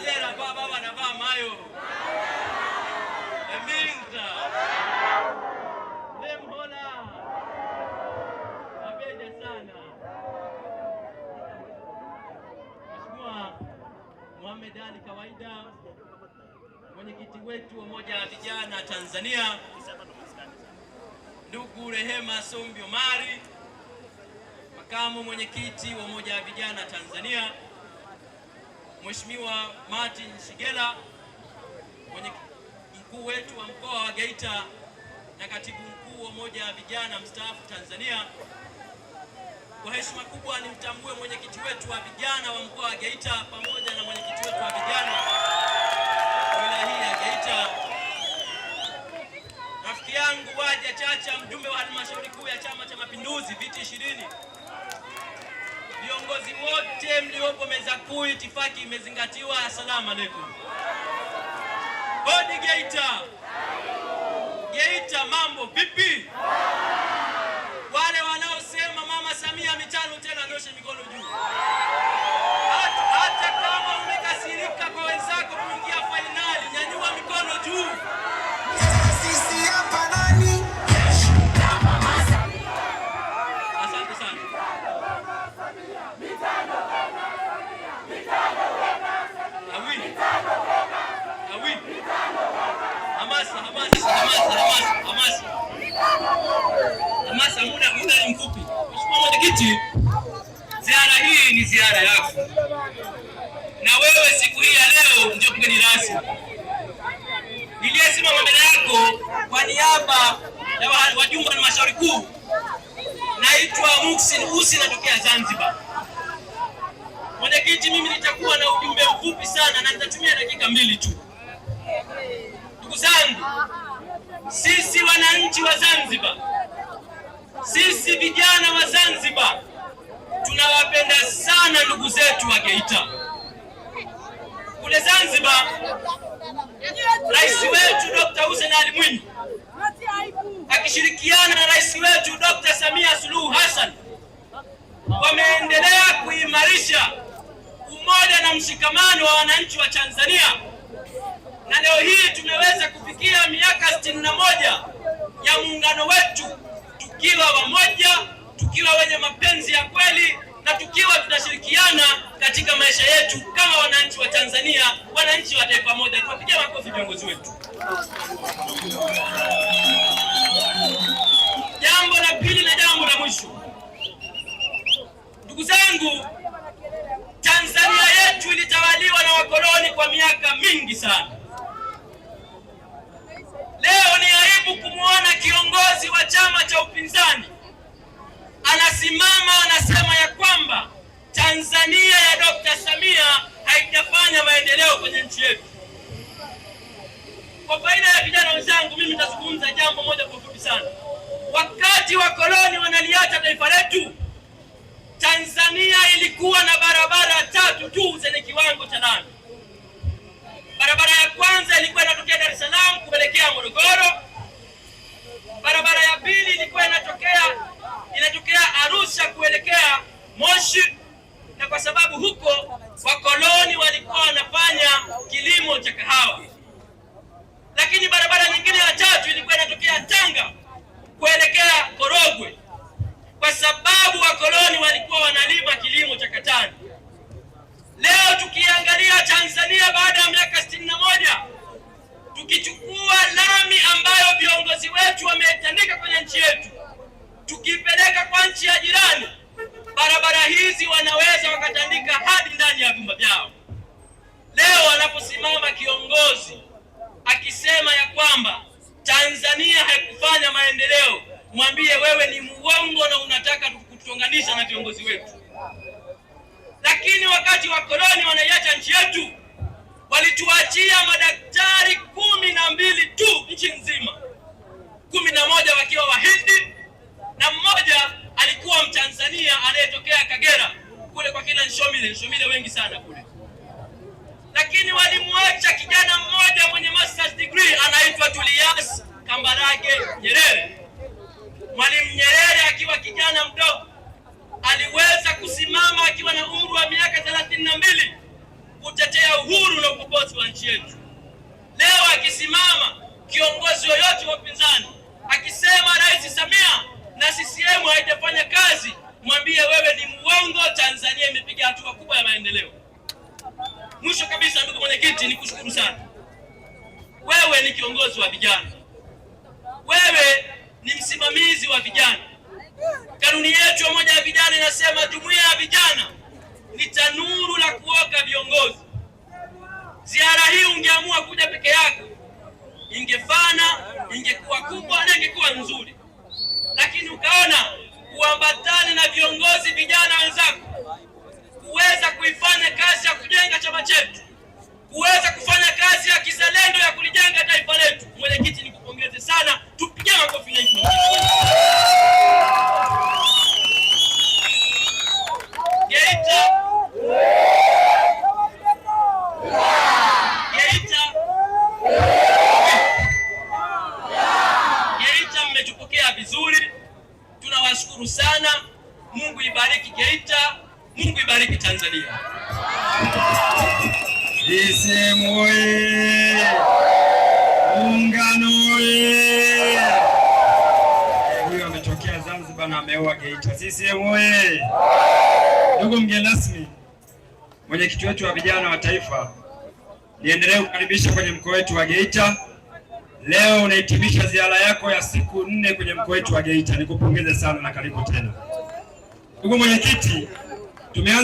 Mzee anavaa baba anavaa mayo. Eminza. Lemhola. Abeja sana. Mheshimiwa Mohamed Ali Kawaida mwenyekiti wetu wa Umoja wa Vijana Tanzania, ndugu Rehema Sombi Omari makamu mwenyekiti wa Umoja wa Vijana Tanzania Mheshimiwa Martin Shigela mwenye mkuu wetu wa mkoa wa Geita na katibu mkuu wa Umoja wa Vijana mstaafu Tanzania. Kwa heshima kubwa nimtambue mwenyekiti wetu wa vijana wa mkoa wa Geita pamoja na mwenyekiti wetu wa vijana wa wilaya hii ya Geita, rafiki yangu Waja Chacha, mjumbe wa halmashauri kuu ya Chama cha Mapinduzi, viti ishirini viongozi wote mliopo meza kuu, itifaki imezingatiwa. Asalamu alaykum. bodi Geita, Geita, mambo vipi? hamasa, muda ni mfupi. Mheshimiwa Mwenyekiti, ziara hii ni ziara yako, na wewe siku hii ya leo ndio mgeni rasmi niliyesimama mbele yako kwa niaba ya wajumbe wa halmashauri kuu. Naitwa Muhsin usi natokea Zanzibar. Mwenyekiti, mimi nitakuwa na ujumbe mfupi sana na nitatumia dakika mbili tu, ndugu zangu. Sisi wananchi wa Zanzibar, sisi vijana wa Zanzibar tunawapenda sana ndugu zetu wa Geita. Kule Zanzibar, rais wetu Dr. Hussein Ali Mwinyi akishirikiana na rais wetu Dr. Samia Suluhu Hassan wameendelea kuimarisha umoja na mshikamano wa wananchi wa Tanzania na leo hii tumeweza kufikia miaka sitini na moja ya muungano wetu tukiwa wamoja, tukiwa wenye mapenzi ya kweli na tukiwa tunashirikiana katika maisha yetu kama wananchi wa Tanzania, wananchi wa taifa moja. Tuwapigie makofi viongozi wetu. Jambo la pili na jambo la mwisho, ndugu zangu, Tanzania yetu ilitawaliwa na wakoloni kwa miaka mingi sana. ajabu kumwona kiongozi wa chama cha upinzani anasimama anasema ya kwamba Tanzania ya Dr. Samia haitafanya maendeleo kwenye nchi yetu. Kwa faida ya vijana wenzangu, mimi nitazungumza jambo moja kwa fupi sana. Wakati wa koloni wanaliacha taifa letu, Tanzania ilikuwa na barabara tatu tu zenye kiwango cha lami. cha kahawa. Lakini barabara nyingine ya tatu ilikuwa inatokea Tanga kuelekea Korogwe, kwa sababu wakoloni walikuwa wanalima kilimo cha katani. Leo tukiangalia Tanzania baada ya miaka sitini na moja tukichukua lami ambayo viongozi wetu wametandika kwenye nchi yetu, tukipeleka kwa nchi ya jirani, barabara hizi wanaweza wakatandika hadi ndani ya vyumba vyao leo anaposimama kiongozi akisema ya kwamba Tanzania haikufanya maendeleo, mwambie wewe ni muongo na unataka kutuunganisha na viongozi wetu. Lakini wakati wa koloni wanaiacha nchi yetu, walituachia madaktari kumi na mbili tu nchi nzima, kumi na moja wakiwa Wahindi na mmoja alikuwa Mtanzania anayetokea Kagera kule kwa kina Nshomile. Nshomile wengi sana kule lakini walimwacha kijana mmoja mwenye masters degree anaitwa Julius Kambarage Nyerere. Mwalimu Nyerere akiwa kijana mdogo aliweza kusimama akiwa na umri wa miaka thelathini na mbili kutetea uhuru na ukombozi wa nchi yetu. Leo akisimama kiongozi yoyote wa upinzani akisema Rais Samia na CCM haijafanya kazi, mwambie wewe ni muongo. Tanzania imepiga hatua kubwa ya maendeleo. Mwisho kabisa Mwenyekiti, nikushukuru sana. Wewe ni kiongozi wa vijana, wewe ni msimamizi wa vijana. Kanuni yetu ya moja ya vijana inasema jumuiya ya vijana ni tanuru la kuoka viongozi. Ziara hii ungeamua kuja peke yako, ingefana ingekuwa kubwa na ingekuwa nzuri, lakini ukaona kuambatana na viongozi vijana wenzako kuweza kuifanya kazi ya kujenga chama chetu kuweza kufanya kazi ya kizalendo ya kulijenga taifa letu. Mwenyekiti, nikupongeze sana, tupige makofi mengi. Geita mmetupokea vizuri, tunawashukuru sana. Mungu ibariki Geita, Mungu ibariki Tanzania. CCM Muungano oye! Eh, huyo ametokea Zanzibar na ameoa Geita. CCM Ndugu mgeni rasmi, mwenyekiti wetu wa vijana wa taifa, niendelee kukaribisha kwenye mkoa wetu wa Geita. Leo unahitimisha ziara yako ya siku nne kwenye mkoa wetu wa Geita, nikupongeze sana na karibu tena ndugu mwenyekiti. Tumeanza